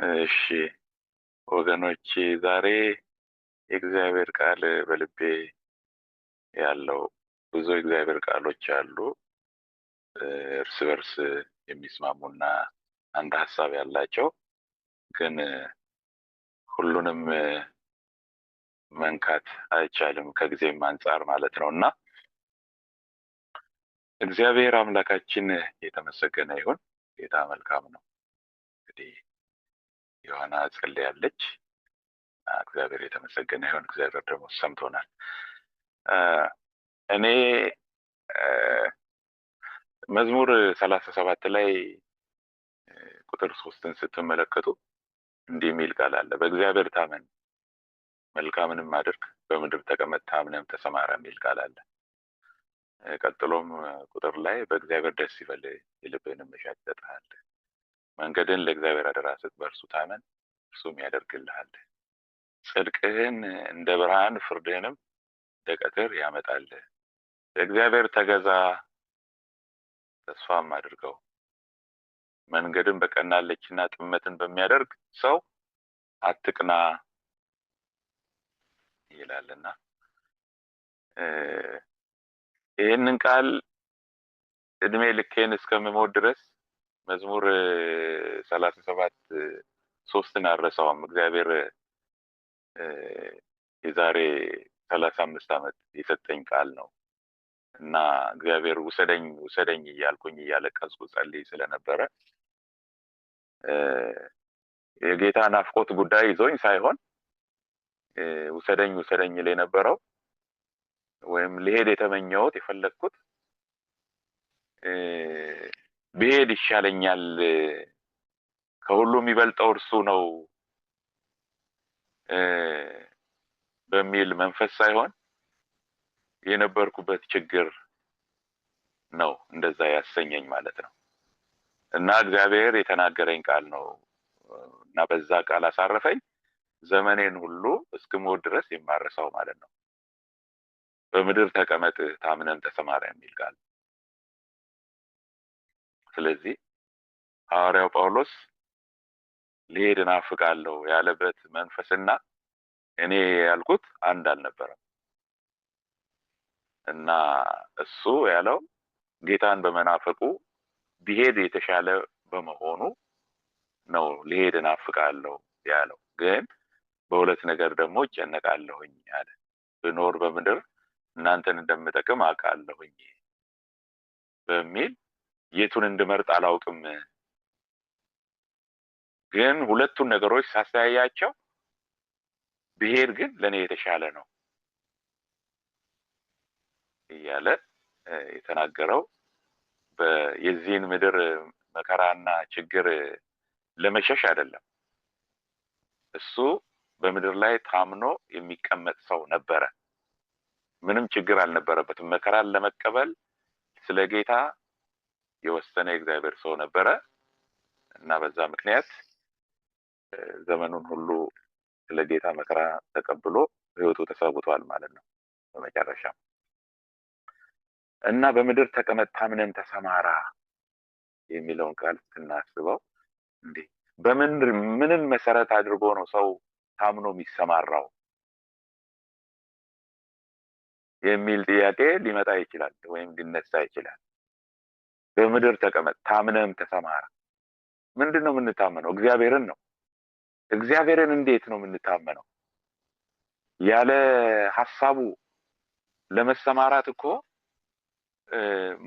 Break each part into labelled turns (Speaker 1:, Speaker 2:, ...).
Speaker 1: እሺ ወገኖቼ ዛሬ የእግዚአብሔር ቃል በልቤ ያለው ብዙ የእግዚአብሔር ቃሎች አሉ እርስ በርስ የሚስማሙና አንድ ሀሳብ ያላቸው ግን ሁሉንም መንካት አይቻልም ከጊዜም አንጻር ማለት ነው እና እግዚአብሔር አምላካችን የተመሰገነ ይሁን ጌታ መልካም ነው እንግዲህ ዮሐና ጸልያለች። እግዚአብሔር የተመሰገነ ይሁን። እግዚአብሔር ደግሞ ሰምቶናል። እኔ መዝሙር ሰላሳ ሰባት ላይ ቁጥር ሶስትን ስትመለከቱ እንዲህ የሚል ቃል አለ። በእግዚአብሔር ታመን መልካምንም አድርግ፣ በምድር ተቀመጥ፣ ታምነም ተሰማራ የሚል ቃል አለ። ቀጥሎም ቁጥር ላይ በእግዚአብሔር ደስ ይበል፣ የልብህንም መሻት ይሰጥሃል መንገድን ለእግዚአብሔር አደራ ስጥ፣ በእርሱ ታመን፣ እርሱም ያደርግልሃል። ጽድቅህን እንደ ብርሃን ፍርድህንም እንደ ቀትር ያመጣል። ለእግዚአብሔር ተገዛ፣ ተስፋም አድርገው። መንገድን በቀናለችና ጥመትን በሚያደርግ ሰው አትቅና ይላልና ይህንን ቃል እድሜ ልኬን እስከምሞት ድረስ መዝሙር ሰላሳ ሰባት ሶስትን አረሳውም። እግዚአብሔር የዛሬ ሰላሳ አምስት ዓመት የሰጠኝ ቃል ነው እና እግዚአብሔር ውሰደኝ ውሰደኝ እያልኩኝ እያለቀስኩ ጸልይ ስለነበረ የጌታ ናፍቆት ጉዳይ ይዞኝ ሳይሆን ውሰደኝ ውሰደኝ ይል የነበረው ወይም ሊሄድ የተመኘሁት የፈለግኩት ብሄድ ይሻለኛል፣ ከሁሉ የሚበልጠው እርሱ ነው በሚል መንፈስ ሳይሆን የነበርኩበት ችግር ነው እንደዛ ያሰኘኝ ማለት ነው። እና እግዚአብሔር የተናገረኝ ቃል ነው እና በዛ ቃል አሳረፈኝ። ዘመኔን ሁሉ እስክሞት ድረስ የማረሳው ማለት ነው። በምድር ተቀመጥ ታምነም ተሰማራ የሚል ቃል ስለዚህ ሐዋርያው ጳውሎስ ሊሄድ እናፍቃለሁ ያለበት መንፈስና እኔ ያልኩት አንድ አልነበረም እና እሱ ያለው ጌታን በመናፈቁ ቢሄድ የተሻለ በመሆኑ ነው ሊሄድ እናፍቃለሁ ያለው። ግን በሁለት ነገር ደግሞ እጨነቃለሁኝ አለ። ብኖር በምድር እናንተን እንደምጠቅም አውቃለሁኝ በሚል የቱን እንድመርጥ አላውቅም። ግን ሁለቱን ነገሮች ሳስተያያቸው ብሄድ ግን ለእኔ የተሻለ ነው እያለ የተናገረው የዚህን ምድር መከራና ችግር ለመሸሽ አይደለም። እሱ በምድር ላይ ታምኖ የሚቀመጥ ሰው ነበረ። ምንም ችግር አልነበረበትም። መከራን ለመቀበል ስለ ጌታ የወሰነ የእግዚአብሔር ሰው ነበረ እና በዛ ምክንያት ዘመኑን ሁሉ ለጌታ መከራ ተቀብሎ ህይወቱ ተሰውቷል ማለት ነው። በመጨረሻ እና በምድር ተቀመጣ ምንም ተሰማራ የሚለውን ቃል ስናስበው እንዴ በምድር ምንን መሰረት አድርጎ ነው ሰው ታምኖ የሚሰማራው የሚል ጥያቄ ሊመጣ ይችላል ወይም ሊነሳ ይችላል። በምድር ተቀመጥ፣ ታምነም ተሰማራ። ምንድን ነው የምንታመነው? እግዚአብሔርን ነው። እግዚአብሔርን እንዴት ነው የምንታመነው? ያለ ሀሳቡ ለመሰማራት እኮ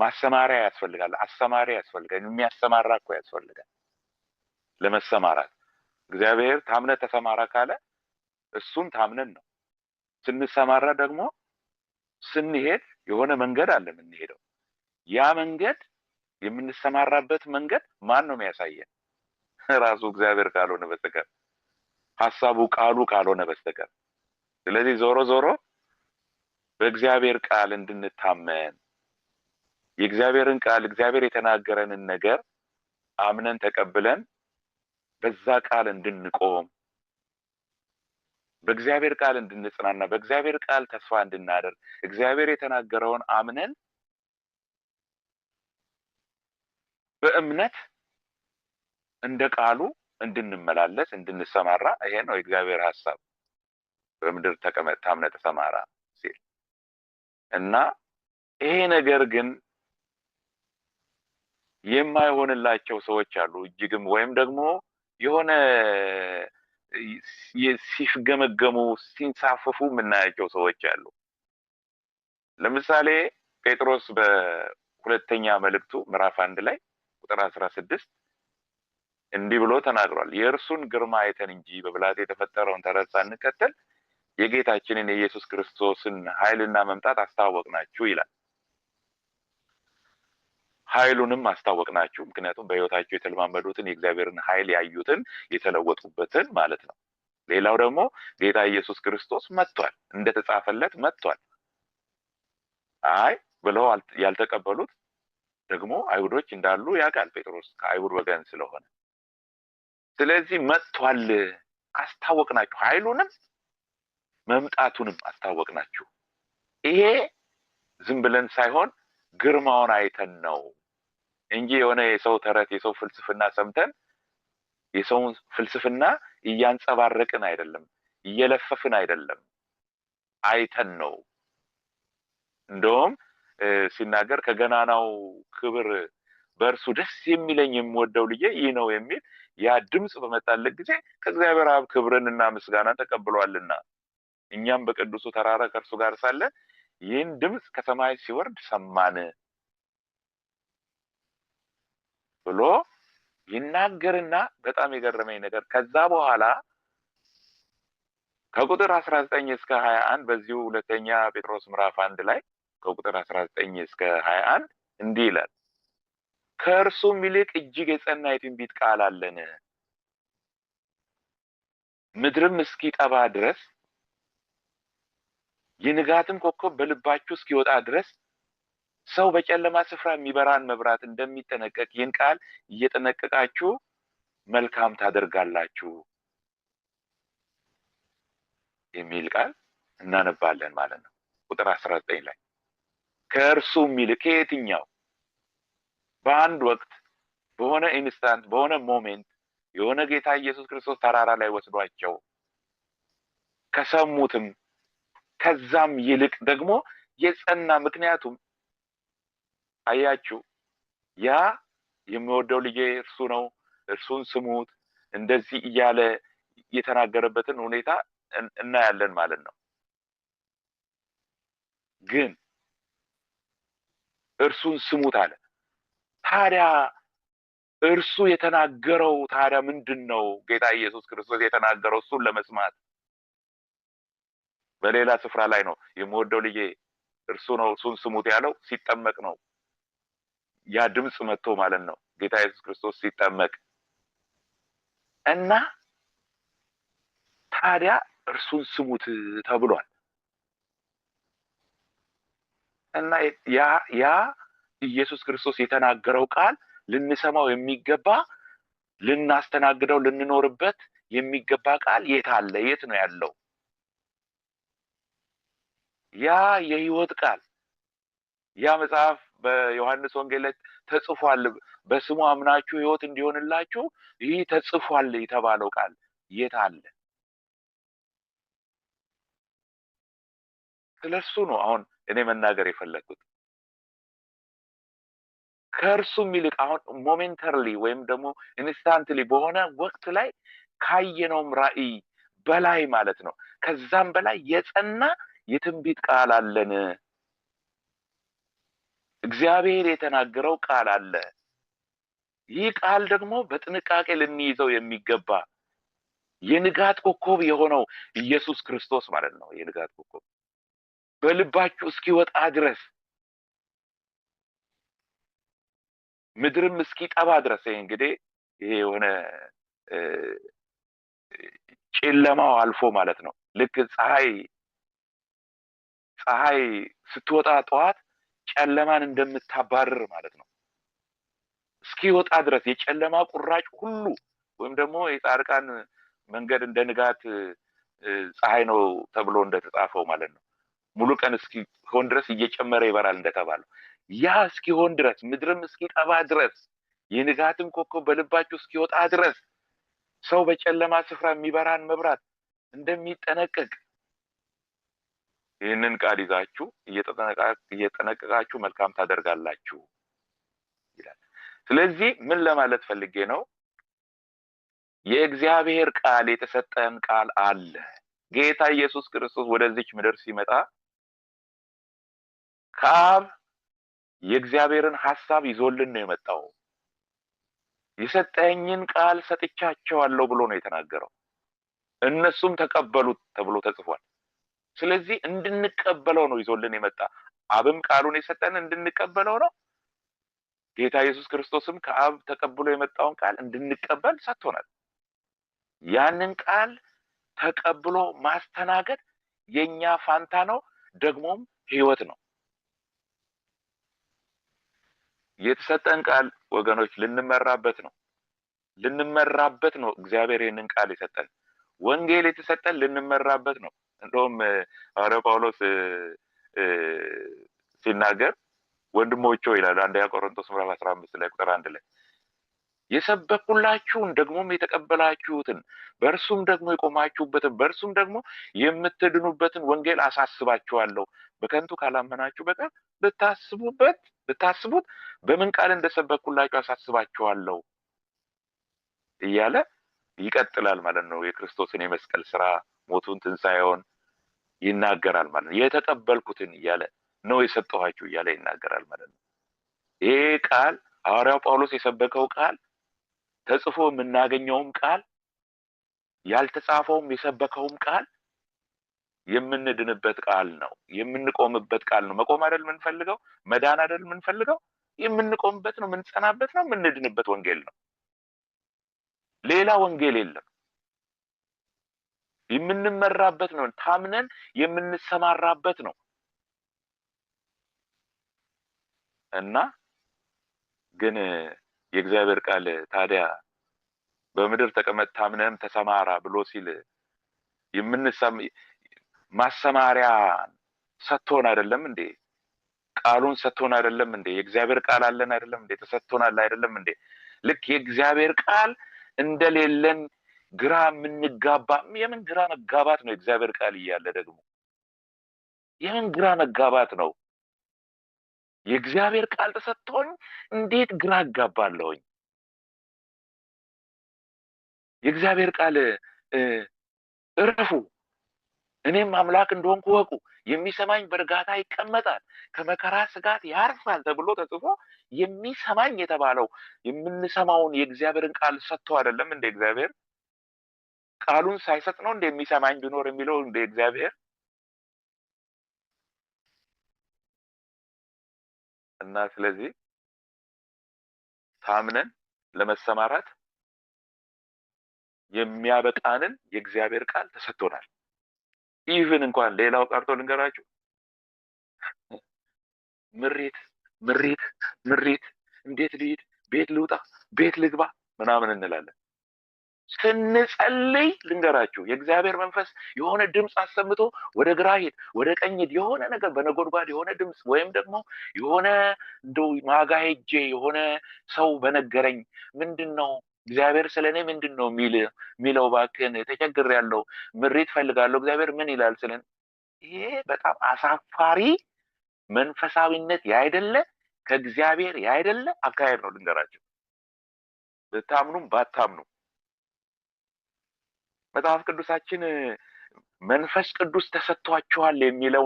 Speaker 1: ማሰማሪያ ያስፈልጋል። አሰማሪያ ያስፈልጋል። የሚያሰማራ እኮ ያስፈልጋል ለመሰማራት። እግዚአብሔር ታምነ ተሰማራ ካለ እሱም ታምነን ነው። ስንሰማራ ደግሞ ስንሄድ የሆነ መንገድ አለ የምንሄደው ያ መንገድ የምንሰማራበት መንገድ ማን ነው የሚያሳየን? ራሱ እግዚአብሔር ካልሆነ በስተቀር ሀሳቡ ቃሉ ካልሆነ በስተቀር። ስለዚህ ዞሮ ዞሮ በእግዚአብሔር ቃል እንድንታመን የእግዚአብሔርን ቃል እግዚአብሔር የተናገረንን ነገር አምነን ተቀብለን በዛ ቃል እንድንቆም በእግዚአብሔር ቃል እንድንጽናና በእግዚአብሔር ቃል ተስፋ እንድናደርግ እግዚአብሔር የተናገረውን አምነን በእምነት እንደ ቃሉ እንድንመላለስ እንድንሰማራ፣ ይሄ ነው የእግዚአብሔር ሐሳብ። በምድር ተቀመጥ ታምነህ ተሰማራ ሲል እና ይሄ ነገር ግን የማይሆንላቸው ሰዎች አሉ እጅግም ወይም ደግሞ የሆነ ሲፍገመገሙ ሲንሳፈፉ የምናያቸው ሰዎች አሉ። ለምሳሌ ጴጥሮስ በሁለተኛ መልእክቱ ምዕራፍ አንድ ላይ ቁጥር 16 ስድስት እንዲህ ብሎ ተናግሯል። የእርሱን ግርማ አይተን እንጂ በብልሃት የተፈጠረውን ተረት ሳንከተል የጌታችንን የኢየሱስ ክርስቶስን ኃይልና መምጣት አስታወቅናችሁ ይላል። ኃይሉንም አስታወቅናችሁ፣ ምክንያቱም በሕይወታቸው የተለማመዱትን የእግዚአብሔርን ኃይል ያዩትን የተለወጡበትን ማለት ነው። ሌላው ደግሞ ጌታ ኢየሱስ ክርስቶስ መጥቷል፣ እንደተጻፈለት መጥቷል። አይ ብለው ያልተቀበሉት ደግሞ አይሁዶች እንዳሉ ያውቃል ጴጥሮስ ከአይሁድ ወገን ስለሆነ። ስለዚህ መጥቷል፣ አስታወቅናችሁ፣ ኃይሉንም መምጣቱንም አስታወቅናችሁ። ይሄ ዝም ብለን ሳይሆን ግርማውን አይተን ነው እንጂ የሆነ የሰው ተረት የሰው ፍልስፍና ሰምተን የሰውን ፍልስፍና እያንጸባረቅን አይደለም፣ እየለፈፍን አይደለም፣ አይተን ነው እንደውም ሲናገር ከገናናው ክብር በእርሱ ደስ የሚለኝ የምወደው ልጄ ይህ ነው የሚል ያ ድምፅ በመጣለት ጊዜ ከእግዚአብሔር አብ ክብርንና ምስጋናን ተቀብሏልና እኛም በቅዱሱ ተራራ ከእርሱ ጋር ሳለ ይህን ድምፅ ከሰማይ ሲወርድ ሰማን ብሎ ይናገርና በጣም የገረመኝ ነገር ከዛ በኋላ ከቁጥር አስራ ዘጠኝ እስከ ሀያ አንድ በዚሁ ሁለተኛ ጴጥሮስ ምዕራፍ አንድ ላይ ከቁጥር 19 እስከ 21 እንዲህ ይላል ከእርሱም ይልቅ እጅግ የጸና የትንቢት ቃል አለን ምድርም እስኪጠባ ድረስ የንጋትም ኮከብ በልባችሁ እስኪወጣ ድረስ ሰው በጨለማ ስፍራ የሚበራን መብራት እንደሚጠነቀቅ ይህን ቃል እየጠነቀቃችሁ መልካም ታደርጋላችሁ የሚል ቃል እናነባለን ማለት ነው። ቁጥር አስራ ዘጠኝ ላይ ከእርሱ የሚልቅ የትኛው በአንድ ወቅት በሆነ ኢንስታንት በሆነ ሞሜንት የሆነ ጌታ ኢየሱስ ክርስቶስ ተራራ ላይ ወስዷቸው ከሰሙትም ከዛም ይልቅ ደግሞ የጸና ምክንያቱም አያችሁ ያ የሚወደው ልጄ እርሱ ነው እርሱን ስሙት እንደዚህ እያለ የተናገረበትን ሁኔታ እናያለን ማለት ነው ግን እርሱን ስሙት አለ። ታዲያ እርሱ የተናገረው ታዲያ ምንድን ነው? ጌታ ኢየሱስ ክርስቶስ የተናገረው እሱን ለመስማት በሌላ ስፍራ ላይ ነው የምወደው ልጄ እርሱ ነው እርሱን ስሙት ያለው ሲጠመቅ ነው። ያ ድምፅ መጥቶ ማለት ነው ጌታ ኢየሱስ ክርስቶስ ሲጠመቅ እና ታዲያ እርሱን ስሙት ተብሏል። እና ያ ኢየሱስ ክርስቶስ የተናገረው ቃል ልንሰማው የሚገባ ልናስተናግደው ልንኖርበት የሚገባ ቃል የት አለ? የት ነው ያለው? ያ የህይወት ቃል ያ መጽሐፍ በዮሐንስ ወንጌል ላይ ተጽፏል፣ በስሙ አምናችሁ ህይወት እንዲሆንላችሁ ይህ ተጽፏል የተባለው ቃል የት አለ? ስለ እሱ ነው አሁን እኔ መናገር የፈለግኩት ከእርሱም ይልቅ አሁን ሞሜንተርሊ ወይም ደግሞ ኢንስታንትሊ በሆነ ወቅት ላይ ካየነውም ራዕይ በላይ ማለት ነው። ከዛም በላይ የጸና የትንቢት ቃል አለን። እግዚአብሔር የተናገረው ቃል አለ። ይህ ቃል ደግሞ በጥንቃቄ ልንይዘው የሚገባ የንጋት ኮከብ የሆነው ኢየሱስ ክርስቶስ ማለት ነው። የንጋት ኮከብ በልባችሁ እስኪወጣ ድረስ ምድርም እስኪጠባ ድረስ ይሄ እንግዲህ ይሄ የሆነ ጨለማው አልፎ ማለት ነው። ልክ ፀሐይ ፀሐይ ስትወጣ ጠዋት ጨለማን እንደምታባርር ማለት ነው። እስኪወጣ ድረስ የጨለማ ቁራጭ ሁሉ ወይም ደግሞ የጻድቃን መንገድ እንደ ንጋት ፀሐይ ነው ተብሎ እንደተጻፈው ማለት ነው። ሙሉ ቀን እስኪሆን ድረስ እየጨመረ ይበራል እንደተባለው ያ እስኪሆን ድረስ ምድርም እስኪጠባ ድረስ የንጋትም ኮከብ በልባችሁ እስኪወጣ ድረስ ሰው በጨለማ ስፍራ የሚበራን መብራት እንደሚጠነቀቅ ይህንን ቃል ይዛችሁ እየጠነቀቃችሁ መልካም ታደርጋላችሁ ይላል። ስለዚህ ምን ለማለት ፈልጌ ነው? የእግዚአብሔር ቃል የተሰጠን ቃል አለ። ጌታ ኢየሱስ ክርስቶስ ወደዚች ምድር ሲመጣ ከአብ የእግዚአብሔርን ሐሳብ ይዞልን ነው የመጣው። የሰጠኝን ቃል ሰጥቻቸዋለሁ ብሎ ነው የተናገረው። እነሱም ተቀበሉት ተብሎ ተጽፏል። ስለዚህ እንድንቀበለው ነው ይዞልን የመጣ። አብም ቃሉን የሰጠን እንድንቀበለው ነው። ጌታ ኢየሱስ ክርስቶስም ከአብ ተቀብሎ የመጣውን ቃል እንድንቀበል ሰጥቶናል። ያንን ቃል ተቀብሎ ማስተናገድ የኛ ፋንታ ነው፣ ደግሞም ህይወት ነው። የተሰጠን ቃል ወገኖች ልንመራበት ነው። ልንመራበት ነው። እግዚአብሔር ይህንን ቃል የሰጠን ወንጌል የተሰጠን ልንመራበት ነው። እንደውም ሐዋርያው ጳውሎስ ሲናገር ወንድሞቼ ይላል አንደኛ ቆሮንቶስ ምዕራፍ አስራ አምስት ላይ ቁጥር አንድ ላይ የሰበኩላችሁን ደግሞም የተቀበላችሁትን በእርሱም ደግሞ የቆማችሁበትን በእርሱም ደግሞ የምትድኑበትን ወንጌል አሳስባችኋለሁ። በከንቱ ካላመናችሁ በቀር ብታስቡበት ብታስቡት በምን ቃል እንደሰበኩላችሁ አሳስባችኋለሁ እያለ ይቀጥላል ማለት ነው። የክርስቶስን የመስቀል ስራ ሞቱን፣ ትንሣኤውን ይናገራል ማለት ነው። የተቀበልኩትን እያለ ነው የሰጠኋችሁ እያለ ይናገራል ማለት ነው። ይሄ ቃል ሐዋርያው ጳውሎስ የሰበከው ቃል ተጽፎ የምናገኘውም ቃል ያልተጻፈውም የሰበከውም ቃል የምንድንበት ቃል ነው። የምንቆምበት ቃል ነው። መቆም አይደል የምንፈልገው? መዳን አይደል የምንፈልገው? የምንቆምበት ነው፣ የምንጸናበት ነው፣ የምንድንበት ወንጌል ነው። ሌላ ወንጌል የለም። የምንመራበት ነው። ታምነን የምንሰማራበት ነው እና ግን የእግዚአብሔር ቃል ታዲያ በምድር ተቀመጥ ታምነህም ተሰማራ ብሎ ሲል ማሰማሪያ ሰጥቶን አይደለም እንዴ? ቃሉን ሰጥቶን አይደለም እንዴ? የእግዚአብሔር ቃል አለን አይደለም እንዴ? ተሰጥቶናል አይደለም እንዴ? ልክ የእግዚአብሔር ቃል እንደሌለን ግራ የምንጋባ የምን ግራ መጋባት ነው? የእግዚአብሔር ቃል እያለ ደግሞ የምን ግራ መጋባት ነው? የእግዚአብሔር ቃል ተሰጥቶኝ እንዴት ግራ አጋባለሁኝ? የእግዚአብሔር ቃል እረፉ፣ እኔም አምላክ እንደሆንኩ ወቁ፣ የሚሰማኝ በእርጋታ ይቀመጣል፣ ከመከራ ስጋት ያርፋል ተብሎ ተጽፎ የሚሰማኝ የተባለው የምንሰማውን የእግዚአብሔርን ቃል ሰጥቶ አይደለም እንደ እግዚአብሔር ቃሉን ሳይሰጥ ነው እንደሚሰማኝ ቢኖር የሚለው እንደ እግዚአብሔር እና ስለዚህ ታምነን ለመሰማራት የሚያበቃንን የእግዚአብሔር ቃል ተሰጥቶናል። ኢቭን እንኳን ሌላው ቀርቶ ልንገራችሁ ምሪት ምሪት ምሪት እንዴት ልሂድ፣ ቤት ልውጣ፣ ቤት ልግባ ምናምን እንላለን። ስንጸልይ ልንገራችሁ፣ የእግዚአብሔር መንፈስ የሆነ ድምፅ አሰምቶ ወደ ግራ ሂድ፣ ወደ ቀኝ ሂድ፣ የሆነ ነገር በነጎድጓድ የሆነ ድምፅ ወይም ደግሞ የሆነ እንደ ማጋ ሄጄ የሆነ ሰው በነገረኝ ምንድን ነው እግዚአብሔር ስለ እኔ ምንድን ነው ሚል ሚለው ተቸግር ያለው ምሪት ፈልጋለሁ፣ እግዚአብሔር ምን ይላል ስለ ይሄ በጣም አሳፋሪ መንፈሳዊነት ያይደለ ከእግዚአብሔር ያይደለ አካሄድ ነው ልንገራቸው። ብታምኑም ባታምኑም መጽሐፍ ቅዱሳችን መንፈስ ቅዱስ ተሰጥቷችኋል የሚለው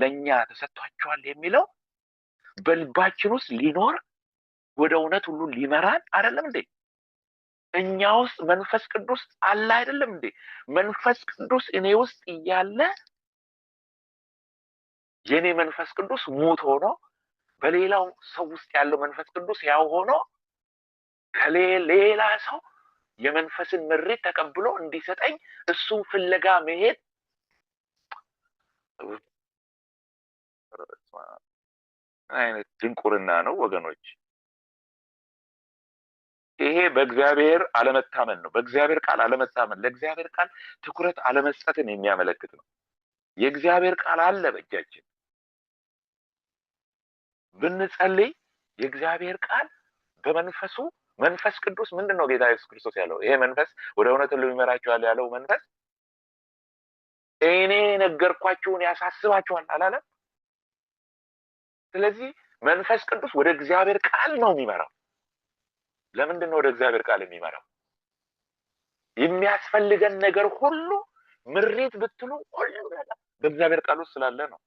Speaker 1: ለእኛ ተሰጥቷችኋል የሚለው በልባችን ውስጥ ሊኖር ወደ እውነት ሁሉ ሊመራን አይደለም እንዴ? እኛ ውስጥ መንፈስ ቅዱስ አለ አይደለም እንዴ? መንፈስ ቅዱስ እኔ ውስጥ እያለ የእኔ መንፈስ ቅዱስ ሙት ሆኖ በሌላው ሰው ውስጥ ያለው መንፈስ ቅዱስ ያው ሆኖ ከሌላ ሰው የመንፈስን ምሪት ተቀብሎ እንዲሰጠኝ እሱን ፍለጋ መሄድ ምን አይነት ድንቁርና ነው ወገኖች? ይሄ በእግዚአብሔር አለመታመን ነው። በእግዚአብሔር ቃል አለመታመን፣ ለእግዚአብሔር ቃል ትኩረት አለመስጠትን የሚያመለክት ነው። የእግዚአብሔር ቃል አለ በእጃችን። ብንጸልይ የእግዚአብሔር ቃል በመንፈሱ መንፈስ ቅዱስ ምንድን ነው? ጌታ ኢየሱስ ክርስቶስ ያለው ይሄ መንፈስ ወደ እውነት ሁሉ ይመራችኋል ያለው መንፈስ እኔ ነገርኳችሁን ያሳስባችኋል አላለም? ስለዚህ መንፈስ ቅዱስ ወደ እግዚአብሔር ቃል ነው የሚመራው። ለምንድን ነው ወደ እግዚአብሔር ቃል የሚመራው? የሚያስፈልገን ነገር ሁሉ ምሪት ብትሉ ሁሉ ነገር በእግዚአብሔር ቃል ውስጥ ስላለ ነው።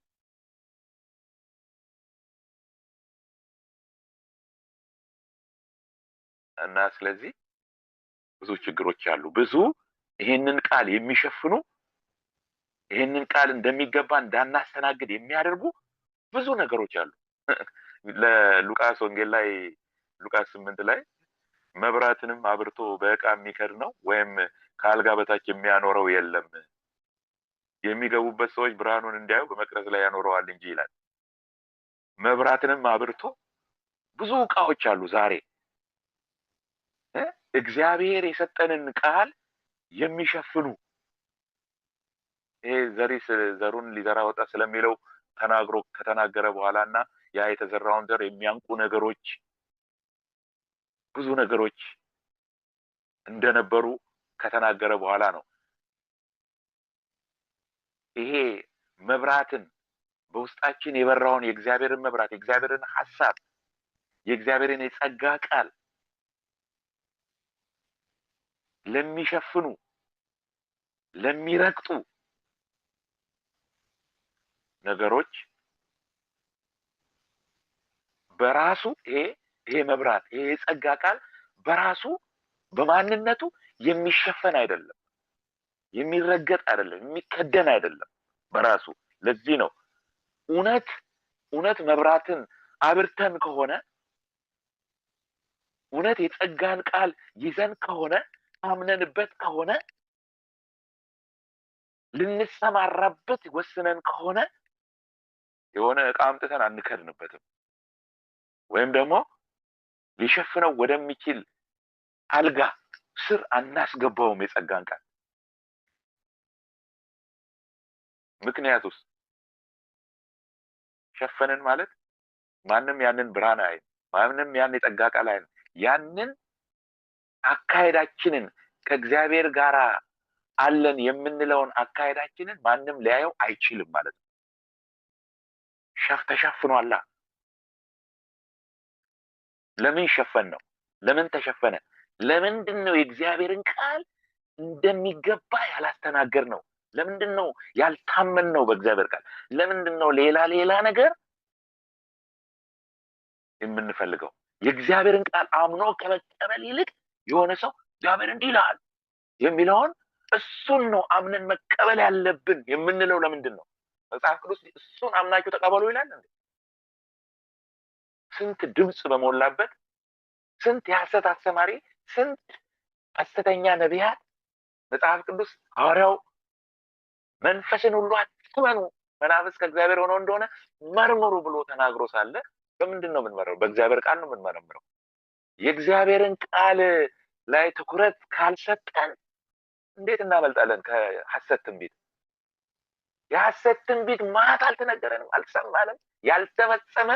Speaker 1: እና ስለዚህ ብዙ ችግሮች አሉ። ብዙ ይህንን ቃል የሚሸፍኑ ይህንን ቃል እንደሚገባ እንዳናስተናግድ የሚያደርጉ ብዙ ነገሮች አሉ። ለሉቃስ ወንጌል ላይ ሉቃስ ስምንት ላይ መብራትንም አብርቶ በእቃ የሚከድ ነው ወይም ከአልጋ በታች የሚያኖረው የለም የሚገቡበት ሰዎች ብርሃኑን እንዲያዩ በመቅረዝ ላይ ያኖረዋል እንጂ ይላል። መብራትንም አብርቶ ብዙ እቃዎች አሉ ዛሬ እግዚአብሔር የሰጠንን ቃል የሚሸፍኑ ይሄ ዘሪ ዘሩን ሊዘራ ወጣ ስለሚለው ተናግሮ ከተናገረ በኋላ እና ያ የተዘራውን ዘር የሚያንቁ ነገሮች ብዙ ነገሮች እንደነበሩ ከተናገረ በኋላ ነው። ይሄ መብራትን በውስጣችን የበራውን የእግዚአብሔርን መብራት የእግዚአብሔርን ሀሳብ የእግዚአብሔርን የጸጋ ቃል ለሚሸፍኑ፣ ለሚረግጡ ነገሮች በራሱ ይሄ ይሄ መብራት ይሄ የጸጋ ቃል በራሱ በማንነቱ የሚሸፈን አይደለም፣ የሚረገጥ አይደለም፣ የሚከደን አይደለም በራሱ ለዚህ ነው እውነት እውነት መብራትን አብርተን ከሆነ እውነት የጸጋን ቃል ይዘን ከሆነ አምነንበት ከሆነ ልንሰማራበት ወስነን ከሆነ የሆነ እቃ አምጥተን አንከድንበትም። ወይም ደግሞ ሊሸፍነው ወደሚችል አልጋ ስር አናስገባውም የጸጋን ቃል። ምክንያት ውስጥ ሸፈንን ማለት ማንም ያንን ብርሃን አይን፣ ማንም ያን የጸጋ ቃል አይ ያንን አካሄዳችንን ከእግዚአብሔር ጋር አለን የምንለውን አካሄዳችንን ማንም ሊያየው አይችልም ማለት ነው። ሸፍ ተሸፍኗላ። ለምን ሸፈን ነው? ለምን ተሸፈነ? ለምንድን ነው የእግዚአብሔርን ቃል እንደሚገባ ያላስተናገር ነው? ለምንድን ነው ያልታመን ነው በእግዚአብሔር ቃል? ለምንድን ነው ሌላ ሌላ ነገር የምንፈልገው? የእግዚአብሔርን ቃል አምኖ ከመቀበል ይልቅ የሆነ ሰው እግዚአብሔር እንዲህ ይላል የሚለውን እሱን ነው አምነን መቀበል ያለብን የምንለው። ለምንድን ነው መጽሐፍ ቅዱስ እሱን አምናችሁ ተቀበሉ ይላል? እንዴ ስንት ድምፅ በሞላበት ስንት የሐሰት አስተማሪ፣ ስንት ሐሰተኛ ነቢያት መጽሐፍ ቅዱስ ሐዋርያው መንፈስን ሁሉ አትመኑ መናፍስ ከእግዚአብሔር ሆኖ እንደሆነ መርምሩ ብሎ ተናግሮ ሳለ በምንድን ነው የምንመረው? በእግዚአብሔር ቃል ነው የምንመረምረው። የእግዚአብሔርን ቃል ላይ ትኩረት ካልሰጠን እንዴት እናመልጣለን ከሐሰት ትንቢት? የሐሰት ትንቢት ማት አልተነገረንም፣ አልሰማንም፣ ያልተፈጸመ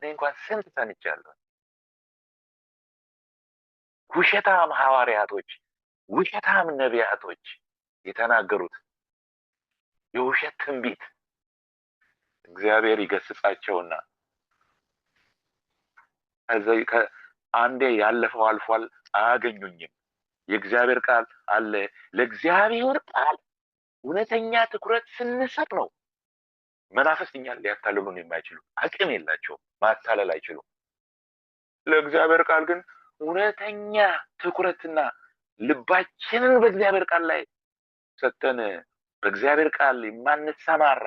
Speaker 1: እኔ እንኳን ስንት ሰምቻለሁ። ውሸታም ሐዋርያቶች፣ ውሸታም ነቢያቶች የተናገሩት የውሸት ትንቢት እግዚአብሔር ይገስጻቸውና አንዴ ያለፈው አልፏል፣ አያገኙኝም። የእግዚአብሔር ቃል አለ። ለእግዚአብሔር ቃል እውነተኛ ትኩረት ስንሰጥ ነው መናፍስት እኛን ሊያታልሉን የማይችሉ አቅም የላቸውም፣ ማታለል አይችሉም። ለእግዚአብሔር ቃል ግን እውነተኛ ትኩረትና ልባችንን በእግዚአብሔር ቃል ላይ ሰጠን በእግዚአብሔር ቃል የማንሰማራ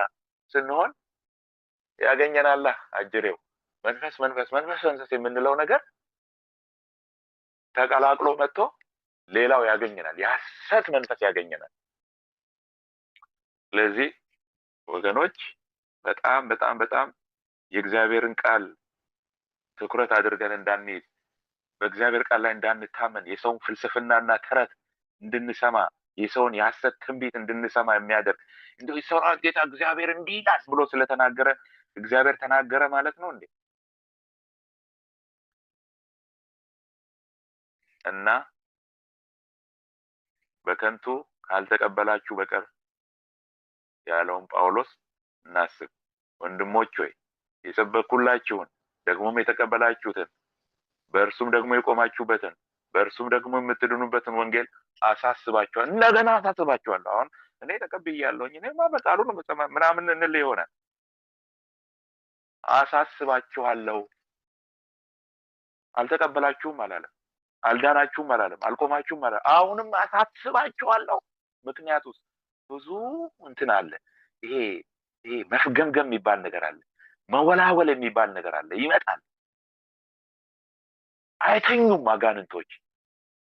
Speaker 1: ስንሆን ያገኘናላ አጅሬው መንፈስ መንፈስ መንፈስ መንፈስ የምንለው ነገር ተቀላቅሎ መጥቶ ሌላው ያገኘናል፣ የሐሰት መንፈስ ያገኘናል። ስለዚህ ወገኖች በጣም በጣም በጣም የእግዚአብሔርን ቃል ትኩረት አድርገን እንዳንይዝ፣ በእግዚአብሔር ቃል ላይ እንዳንታመን፣ የሰውን ፍልስፍናና ተረት እንድንሰማ፣ የሰውን የሐሰት ትንቢት እንድንሰማ የሚያደርግ እንደው የሰራዊት ጌታ እግዚአብሔር እንዲህ ይላል ብሎ ስለተናገረ እግዚአብሔር ተናገረ ማለት ነው እንዴ? እና በከንቱ ካልተቀበላችሁ በቀር ያለውን ጳውሎስ እናስብ። ወንድሞች ሆይ የሰበኩላችሁን ደግሞም የተቀበላችሁትን በእርሱም ደግሞ የቆማችሁበትን በእርሱም ደግሞ የምትድኑበትን ወንጌል አሳስባችኋል። እንደገና አሳስባችኋለሁ። አሁን እኔ ተቀብያለሁኝ እኔ በቃሉ ነው ምናምን እንል ይሆናል። አሳስባችኋለሁ። አልተቀበላችሁም አላለም። አልዳናችሁም አላለም፣ አልቆማችሁም አላለም። አሁንም አሳስባችኋለሁ። ምክንያት ውስጥ ብዙ እንትን አለ። ይሄ ይሄ መፍገምገም የሚባል ነገር አለ፣ መወላወል የሚባል ነገር አለ። ይመጣል። አይተኙም አጋንንቶች፣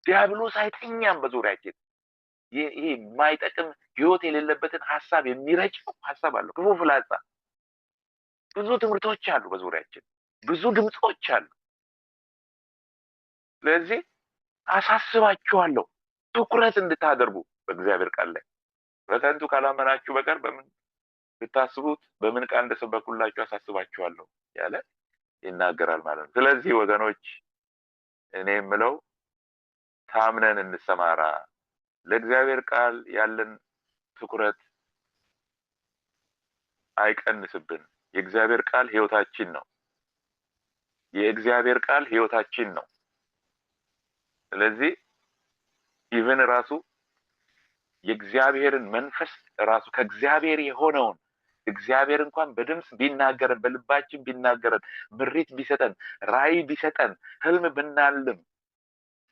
Speaker 1: ዲያብሎስ አይተኛም በዙሪያችን። ይሄ የማይጠቅም ህይወት የሌለበትን ሀሳብ የሚረጭው ሀሳብ አለው፣ ክፉ ፍላጻ። ብዙ ትምህርቶች አሉ በዙሪያችን፣ ብዙ ድምፆች አሉ። ስለዚህ አሳስባችኋለሁ ትኩረት እንድታደርጉ በእግዚአብሔር ቃል ላይ በከንቱ ካላመናችሁ በቀር በምን ብታስቡት በምን ቃል እንደሰበኩላችሁ አሳስባችኋለሁ ያለ ይናገራል ማለት ነው። ስለዚህ ወገኖች እኔ የምለው ታምነን እንሰማራ፣ ለእግዚአብሔር ቃል ያለን ትኩረት አይቀንስብን። የእግዚአብሔር ቃል ሕይወታችን ነው። የእግዚአብሔር ቃል ሕይወታችን ነው። ስለዚህ ኢቨን ራሱ የእግዚአብሔርን መንፈስ ራሱ ከእግዚአብሔር የሆነውን እግዚአብሔር እንኳን በድምፅ ቢናገረን በልባችን ቢናገረን ምሪት ቢሰጠን ራይ ቢሰጠን ህልም ብናልም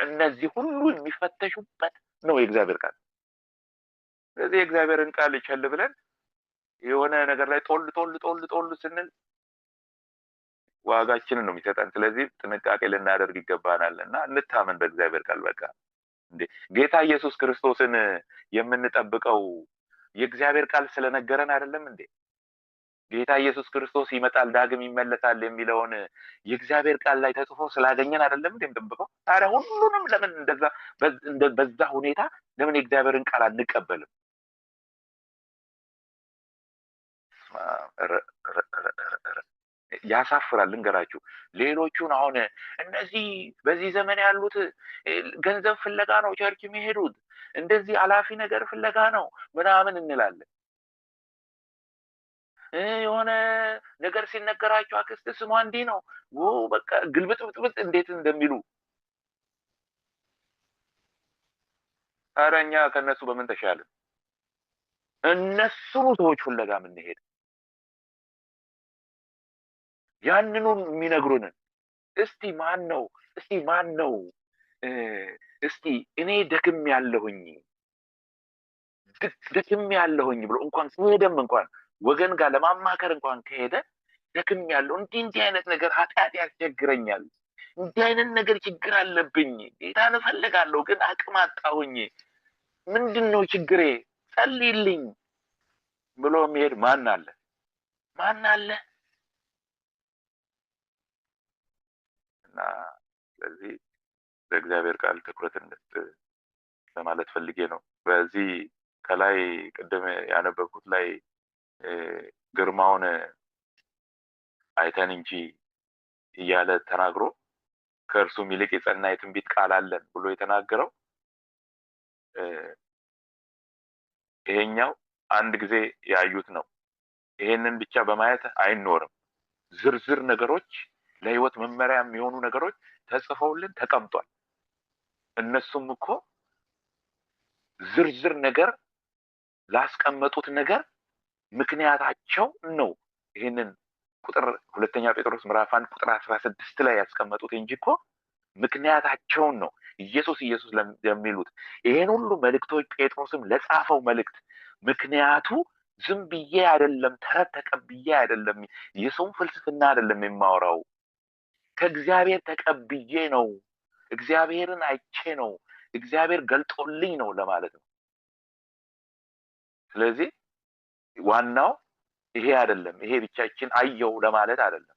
Speaker 1: እነዚህ ሁሉ የሚፈተሹበት ነው የእግዚአብሔር ቃል። ስለዚህ የእግዚአብሔርን ቃል ይቸል ብለን የሆነ ነገር ላይ ጦል ጦል ጦል ጦል ስንል ዋጋችንን ነው የሚሰጠን። ስለዚህ ጥንቃቄ ልናደርግ ይገባናል እና እንታመን በእግዚአብሔር ቃል በቃ እንዴ ጌታ ኢየሱስ ክርስቶስን የምንጠብቀው የእግዚአብሔር ቃል ስለነገረን አይደለም እንዴ? ጌታ ኢየሱስ ክርስቶስ ይመጣል ዳግም ይመለሳል የሚለውን የእግዚአብሔር ቃል ላይ ተጽፎ ስላገኘን አይደለም እንዴ የምንጠብቀው? ታዲያ ሁሉንም ለምን እንደዛ በዛ ሁኔታ ለምን የእግዚአብሔርን ቃል አንቀበልም? ያሳፍራል። ልንገራችሁ ሌሎቹን አሁን እነዚህ በዚህ ዘመን ያሉት ገንዘብ ፍለጋ ነው ቸርች የሚሄዱት እንደዚህ አላፊ ነገር ፍለጋ ነው ምናምን እንላለን። የሆነ ነገር ሲነገራቸው አክስት ስሟ እንዲህ ነው ወ በቃ ግልብጥብጥብጥ እንዴት እንደሚሉ ኧረ እኛ ከእነሱ በምን ተሻለን? እነሱኑ ሰዎች ፍለጋ የምንሄድ ያንኑን የሚነግሩንን እስቲ ማን ነው እስቲ ማን ነው እስቲ እኔ ደክም ያለሁኝ ደክም ያለሁኝ ብሎ እንኳን ከሄደም እንኳን ወገን ጋር ለማማከር እንኳን ከሄደ ደክም ያለው እንዲ እንዲ አይነት ነገር ኃጢአት ያስቸግረኛል፣ እንዲህ አይነት ነገር ችግር አለብኝ፣ ጌታን እፈልጋለሁ ግን አቅም አጣሁኝ፣ ምንድን ነው ችግሬ፣ ጸልይልኝ ብሎ መሄድ ማን አለ? ማን አለ? እና ስለዚህ በእግዚአብሔር ቃል ትኩረት እንስጥ ለማለት ፈልጌ ነው። በዚህ ከላይ ቅድም ያነበብኩት ላይ ግርማውን አይተን እንጂ እያለ ተናግሮ ከእርሱም ይልቅ የጸና የትንቢት ቃል አለን ብሎ የተናገረው ይሄኛው አንድ ጊዜ ያዩት ነው። ይሄንን ብቻ በማየት አይኖርም። ዝርዝር ነገሮች ለህይወት መመሪያ የሚሆኑ ነገሮች ተጽፈውልን ተቀምጧል። እነሱም እኮ ዝርዝር ነገር ላስቀመጡት ነገር ምክንያታቸው ነው። ይህንን ቁጥር ሁለተኛ ጴጥሮስ ምዕራፍ አንድ ቁጥር አስራ ስድስት ላይ ያስቀመጡት እንጂ እኮ ምክንያታቸውን ነው ኢየሱስ ኢየሱስ የሚሉት። ይህን ሁሉ መልእክቶች ጴጥሮስም ለጻፈው መልእክት ምክንያቱ ዝም ብዬ አይደለም፣ ተረት ተቀብዬ አይደለም፣ የሰውን ፍልስፍና አይደለም የማወራው ከእግዚአብሔር ተቀብዬ ነው፣ እግዚአብሔርን አይቼ ነው፣ እግዚአብሔር ገልጦልኝ ነው ለማለት ነው። ስለዚህ ዋናው ይሄ አይደለም። ይሄ ብቻችን አየው ለማለት አይደለም።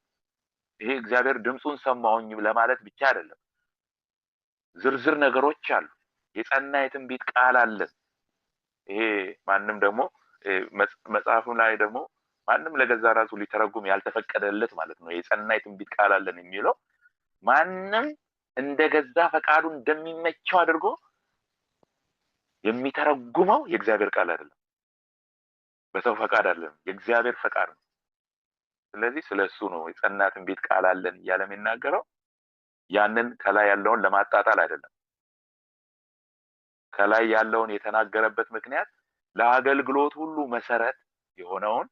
Speaker 1: ይሄ እግዚአብሔር ድምፁን ሰማሁኝ ለማለት ብቻ አይደለም። ዝርዝር ነገሮች አሉ። የጸና የትንቢት ቃል አለ። ይሄ ማንም ደግሞ መጽሐፉ ላይ ደግሞ ማንም ለገዛ ራሱ ሊተረጉም ያልተፈቀደለት ማለት ነው። የጸና የትንቢት ቃል አለን የሚለው ማንም እንደ ገዛ ፈቃዱ እንደሚመቸው አድርጎ የሚተረጉመው የእግዚአብሔር ቃል አይደለም፣ በሰው ፈቃድ አይደለም፣ የእግዚአብሔር ፈቃድ ነው። ስለዚህ ስለ እሱ ነው የጸና ትንቢት ቃል አለን እያለ የሚናገረው። ያንን ከላይ ያለውን ለማጣጣል አይደለም። ከላይ ያለውን የተናገረበት ምክንያት ለአገልግሎት ሁሉ መሰረት የሆነውን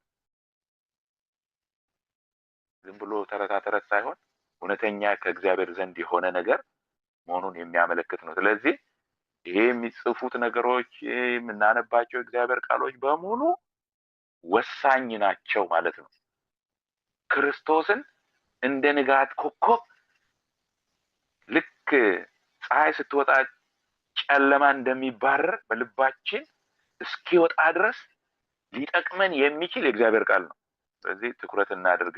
Speaker 1: ዝም ብሎ ተረታ ተረት ሳይሆን እውነተኛ ከእግዚአብሔር ዘንድ የሆነ ነገር መሆኑን የሚያመለክት ነው። ስለዚህ ይሄ የሚጽፉት ነገሮች የምናነባቸው እግዚአብሔር ቃሎች በሙሉ ወሳኝ ናቸው ማለት ነው። ክርስቶስን እንደ ንጋት ኮከብ ልክ ፀሐይ ስትወጣ ጨለማ እንደሚባረር በልባችን እስኪወጣ ድረስ ሊጠቅመን የሚችል የእግዚአብሔር ቃል ነው። ስለዚህ ትኩረት እናድርግ።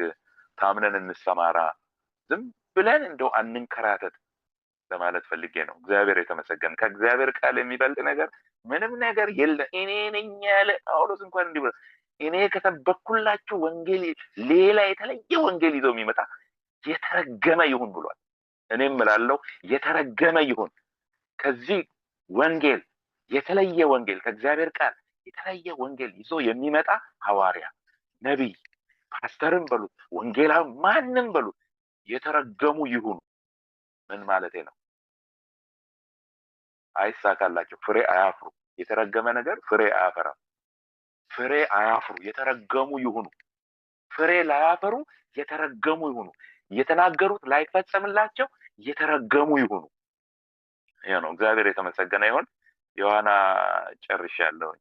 Speaker 1: ታምነን እንሰማራ፣ ዝም ብለን እንደው አንንከራተት ለማለት ፈልጌ ነው። እግዚአብሔር የተመሰገን። ከእግዚአብሔር ቃል የሚበልጥ ነገር ምንም ነገር የለም። እኔ ነኝ ያለ ጳውሎስ እንኳን እንዲህ እኔ ከሰበኩላችሁ ወንጌል ሌላ የተለየ ወንጌል ይዞ የሚመጣ የተረገመ ይሁን ብሏል። እኔም እላለሁ የተረገመ ይሁን። ከዚህ ወንጌል የተለየ ወንጌል ከእግዚአብሔር ቃል የተለየ ወንጌል ይዞ የሚመጣ ሐዋርያ፣ ነቢይ፣ ፓስተርን በሉት ወንጌላዊ ማንን በሉት የተረገሙ ይሁኑ። ምን ማለቴ ነው? አይሳካላቸው፣ ፍሬ አያፍሩ። የተረገመ ነገር ፍሬ አያፈራም። ፍሬ አያፍሩ፣ የተረገሙ ይሁኑ። ፍሬ ላያፈሩ የተረገሙ ይሁኑ። የተናገሩት ላይፈጸምላቸው የተረገሙ ይሁኑ። ይሄ ነው። እግዚአብሔር የተመሰገነ ይሁን። ዮሐና ጨርሻለሁኝ።